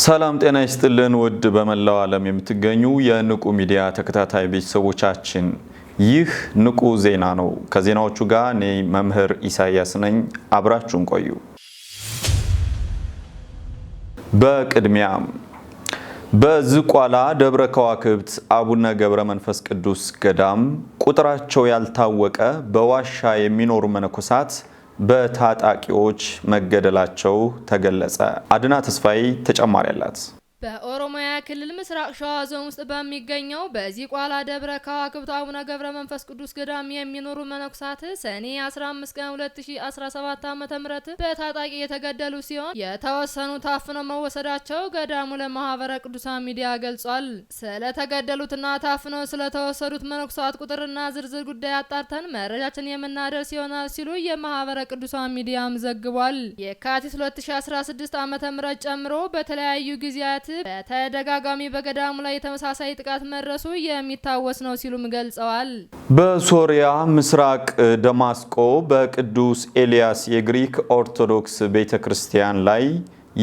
ሰላም ጤና ይስጥልን ውድ በመላው ዓለም የምትገኙ የንቁ ሚዲያ ተከታታይ ቤተሰቦቻችን፣ ይህ ንቁ ዜና ነው። ከዜናዎቹ ጋር እኔ መምህር ኢሳያስ ነኝ። አብራችሁን ቆዩ። በቅድሚያም በዝቋላ ደብረ ከዋክብት አቡነ ገብረ መንፈስ ቅዱስ ገዳም ቁጥራቸው ያልታወቀ በዋሻ የሚኖሩ መነኮሳት በታጣቂዎች መገደላቸው ተገለጸ። አድና ተስፋዬ ተጨማሪ አላት። በኦሮሚያ ክልል ምስራቅ ሸዋ ዞን ውስጥ በሚገኘው በዚህ ቋላ ደብረ ከዋክብት አቡነ ገብረ መንፈስ ቅዱስ ገዳም የሚኖሩ መነኩሳት ሰኔ 15 ቀን 2017 ዓ.ም በታጣቂ የተገደሉ ሲሆን የተወሰኑ ታፍነው መወሰዳቸው ገዳሙ ለማህበረ ቅዱሳን ሚዲያ ገልጿል። ስለተገደሉትና ታፍነው ስለተወሰዱት መነኩሳት ቁጥርና ዝርዝር ጉዳይ አጣርተን መረጃችን የምናደርስ ይሆናል ሲሉ የማህበረ ቅዱሳን ሚዲያም ዘግቧል። የካቲት 2016 ዓ.ም ጨምሮ በተለያዩ ጊዜያት በተደጋጋሚ በገዳሙ ላይ የተመሳሳይ ጥቃት መድረሱ የሚታወስ ነው ሲሉም ገልጸዋል። በሶሪያ ምስራቅ ደማስቆ በቅዱስ ኤልያስ የግሪክ ኦርቶዶክስ ቤተ ክርስቲያን ላይ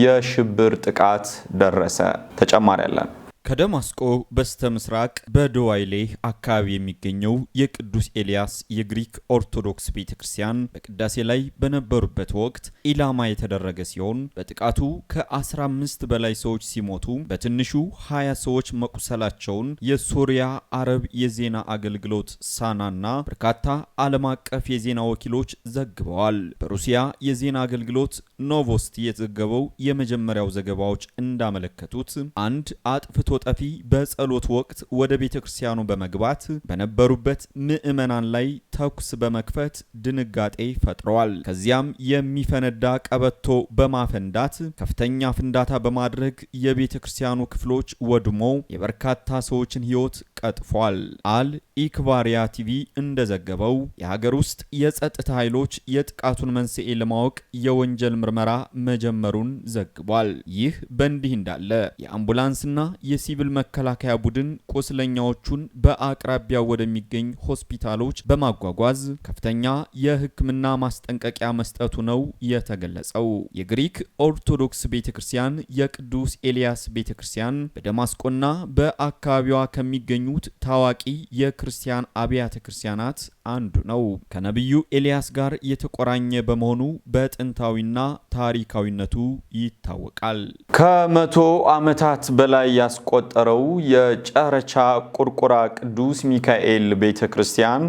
የሽብር ጥቃት ደረሰ። ተጨማሪ ያለን ከደማስቆ በስተ ምስራቅ በዶዋይሌ አካባቢ የሚገኘው የቅዱስ ኤልያስ የግሪክ ኦርቶዶክስ ቤተ ክርስቲያን በቅዳሴ ላይ በነበሩበት ወቅት ኢላማ የተደረገ ሲሆን በጥቃቱ ከ15 በላይ ሰዎች ሲሞቱ በትንሹ 20 ሰዎች መቁሰላቸውን የሶሪያ አረብ የዜና አገልግሎት ሳናና በርካታ ዓለም አቀፍ የዜና ወኪሎች ዘግበዋል። በሩሲያ የዜና አገልግሎት ኖቮስቲ የተዘገበው የመጀመሪያው ዘገባዎች እንዳመለከቱት አንድ አጥፍቶ አግብቶ ጠፊ በጸሎት ወቅት ወደ ቤተ ክርስቲያኑ በመግባት በነበሩበት ምዕመናን ላይ ተኩስ በመክፈት ድንጋጤ ፈጥረዋል። ከዚያም የሚፈነዳ ቀበቶ በማፈንዳት ከፍተኛ ፍንዳታ በማድረግ የቤተ ክርስቲያኑ ክፍሎች ወድሞ የበርካታ ሰዎችን ሕይወት ቀጥፏል። አል ኢክባሪያ ቲቪ እንደዘገበው የሀገር ውስጥ የጸጥታ ኃይሎች የጥቃቱን መንስኤ ለማወቅ የወንጀል ምርመራ መጀመሩን ዘግቧል። ይህ በእንዲህ እንዳለ የአምቡላንስና የሲቪል መከላከያ ቡድን ቁስለኛዎቹን በአቅራቢያው ወደሚገኝ ሆስፒታሎች በማጓጓዝ ከፍተኛ የሕክምና ማስጠንቀቂያ መስጠቱ ነው የተገለጸው። የግሪክ ኦርቶዶክስ ቤተ ክርስቲያን የቅዱስ ኤልያስ ቤተ ክርስቲያን በደማስቆና በአካባቢዋ ከሚገኙ ከሚገኙት ታዋቂ የክርስቲያን አብያተ ክርስቲያናት አንዱ ነው። ከነቢዩ ኤልያስ ጋር የተቆራኘ በመሆኑ በጥንታዊና ታሪካዊነቱ ይታወቃል። ከመቶ ዓመታት በላይ ያስቆጠረው የጨረቻ ቁርቁራ ቅዱስ ሚካኤል ቤተ ክርስቲያን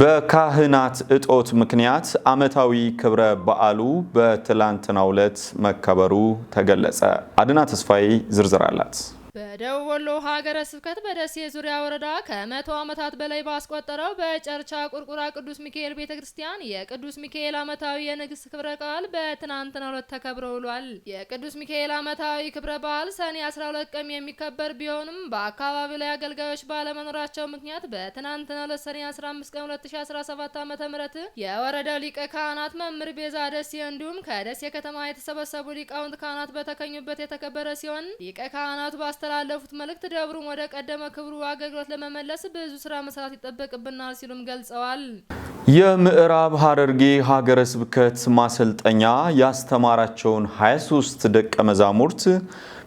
በካህናት እጦት ምክንያት ዓመታዊ ክብረ በዓሉ በትላንትናው ዕለት መከበሩ ተገለጸ። አድና ተስፋዬ ዝርዝር አላት። በደቡብ ወሎ ሀገረ ስብከት በደሴ ዙሪያ ወረዳ ከመቶ ዓመታት በላይ ባስቆጠረው በጨርቻ ቁርቁራ ቅዱስ ሚካኤል ቤተ ክርስቲያን የቅዱስ ሚካኤል ዓመታዊ የንግስ ክብረ ቃል በትናንትናው ዕለት ተከብሮ ውሏል። የቅዱስ ሚካኤል ዓመታዊ ክብረ በዓል ሰኔ 12 ቀን የሚከበር ቢሆንም በአካባቢው ላይ አገልጋዮች ባለመኖራቸው ምክንያት በትናንትናው ዕለት ሰኔ 15 ቀን 2017 ዓ.ም የወረዳው ሊቀ ካህናት መምህር ቤዛ ደሴ እንዲሁም ከደሴ ከተማ የተሰበሰቡ ሊቃውንት ካህናት በተገኙበት የተከበረ ሲሆን ሊቀ ካህናቱ ባስተ ያስተላለፉት መልእክት ደብሩን ወደ ቀደመ ክብሩ አገልግሎት ለመመለስ ብዙ ስራ መስራት ይጠበቅብናል ሲሉም ገልጸዋል። የምዕራብ ሐረርጌ ሀገረ ስብከት ማሰልጠኛ ያስተማራቸውን 23 ደቀ መዛሙርት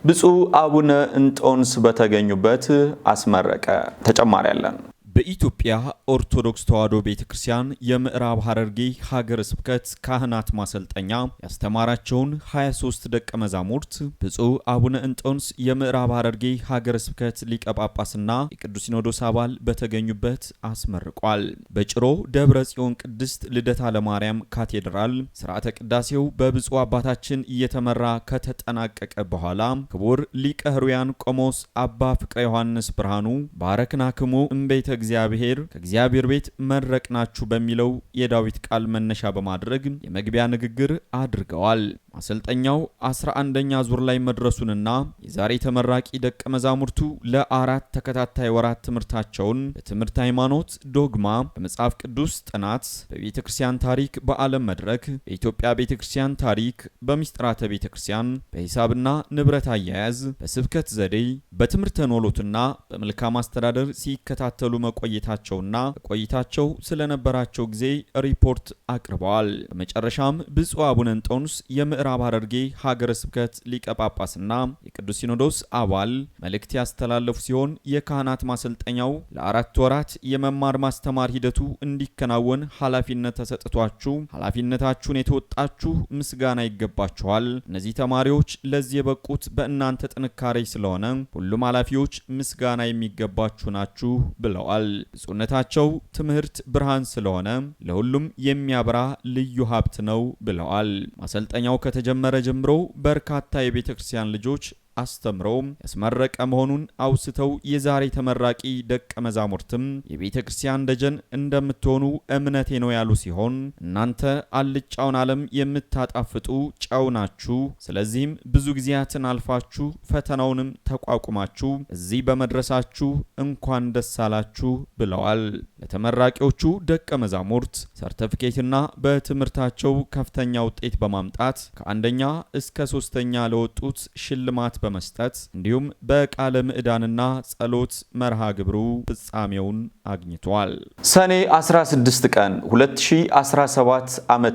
ብፁዕ አቡነ እንጦንስ በተገኙበት አስመረቀ። ተጨማሪ ያለን በኢትዮጵያ ኦርቶዶክስ ተዋሕዶ ቤተ ክርስቲያን የምዕራብ ሐረርጌ ሀገረ ስብከት ካህናት ማሰልጠኛ ያስተማራቸውን 23 ደቀ መዛሙርት ብፁዕ አቡነ እንጦንስ የምዕራብ ሐረርጌ ሀገረ ስብከት ሊቀ ጳጳስና የቅዱስ ሲኖዶስ አባል በተገኙበት አስመርቋል። በጭሮ ደብረ ጽዮን ቅድስት ልደታ ለማርያም ካቴድራል ስርዓተ ቅዳሴው በብፁዕ አባታችን እየተመራ ከተጠናቀቀ በኋላ ክቡር ሊቀ ሕሩያን ቆሞስ አባ ፍቅረ ዮሐንስ ብርሃኑ ባረክናክሙ እምቤተ እግዚአብሔር ከእግዚአብሔር ቤት መረቅናችሁ ናችሁ በሚለው የዳዊት ቃል መነሻ በማድረግ የመግቢያ ንግግር አድርገዋል። ማሰልጠኛው 11ኛ ዙር ላይ መድረሱንና የዛሬ ተመራቂ ደቀ መዛሙርቱ ለአራት ተከታታይ ወራት ትምህርታቸውን በትምህርት ሃይማኖት፣ ዶግማ፣ በመጽሐፍ ቅዱስ ጥናት፣ በቤተ ክርስቲያን ታሪክ፣ በዓለም መድረክ፣ በኢትዮጵያ ቤተ ክርስቲያን ታሪክ፣ በሚስጥራተ ቤተ ክርስቲያን፣ በሂሳብና ንብረት አያያዝ፣ በስብከት ዘዴ፣ በትምህርተ ኖሎትና በመልካም አስተዳደር ሲከታተሉ መቆየታቸውና ቆይታቸው ስለነበራቸው ጊዜ ሪፖርት አቅርበዋል። በመጨረሻም ብፁዕ አቡነ እንጦንስ የምዕራብ ሐረርጌ ሀገረ ስብከት ሊቀ ጳጳስና የቅዱስ ሲኖዶስ አባል መልእክት ያስተላለፉ ሲሆን የካህናት ማሰልጠኛው ለአራት ወራት የመማር ማስተማር ሂደቱ እንዲከናወን ኃላፊነት ተሰጥቷችሁ ኃላፊነታችሁን የተወጣችሁ ምስጋና ይገባችኋል። እነዚህ ተማሪዎች ለዚህ የበቁት በእናንተ ጥንካሬ ስለሆነ ሁሉም ኃላፊዎች ምስጋና የሚገባችሁ ናችሁ ብለዋል። ብፁዕነታቸው ትምህርት ብርሃን ስለሆነ ለሁሉም የሚያብራ ልዩ ሀብት ነው ብለዋል። ማሰልጠኛው ከ ከተጀመረ ጀምሮ በርካታ የቤተ ክርስቲያን ልጆች አስተምረውም ያስመረቀ መሆኑን አውስተው የዛሬ ተመራቂ ደቀ መዛሙርትም የቤተ ክርስቲያን ደጀን እንደምትሆኑ እምነቴ ነው ያሉ ሲሆን እናንተ አልጫውን ዓለም የምታጣፍጡ ጨው ናችሁ። ስለዚህም ብዙ ጊዜያትን አልፋችሁ ፈተናውንም ተቋቁማችሁ እዚህ በመድረሳችሁ እንኳን ደስ አላችሁ ብለዋል። ለተመራቂዎቹ ደቀ መዛሙርት ሰርተፊኬትና በትምህርታቸው ከፍተኛ ውጤት በማምጣት ከአንደኛ እስከ ሶስተኛ ለወጡት ሽልማት በመስጠት እንዲሁም በቃለ ምዕዳንና ጸሎት መርሃ ግብሩ ፍጻሜውን አግኝቷል። ሰኔ 16 ቀን 2017 ዓ ም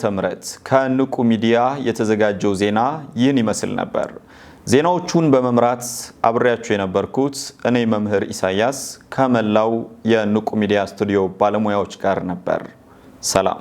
ከንቁ ሚዲያ የተዘጋጀው ዜና ይህን ይመስል ነበር። ዜናዎቹን በመምራት አብሬያችሁ የነበርኩት እኔ መምህር ኢሳያስ ከመላው የንቁ ሚዲያ ስቱዲዮ ባለሙያዎች ጋር ነበር። ሰላም።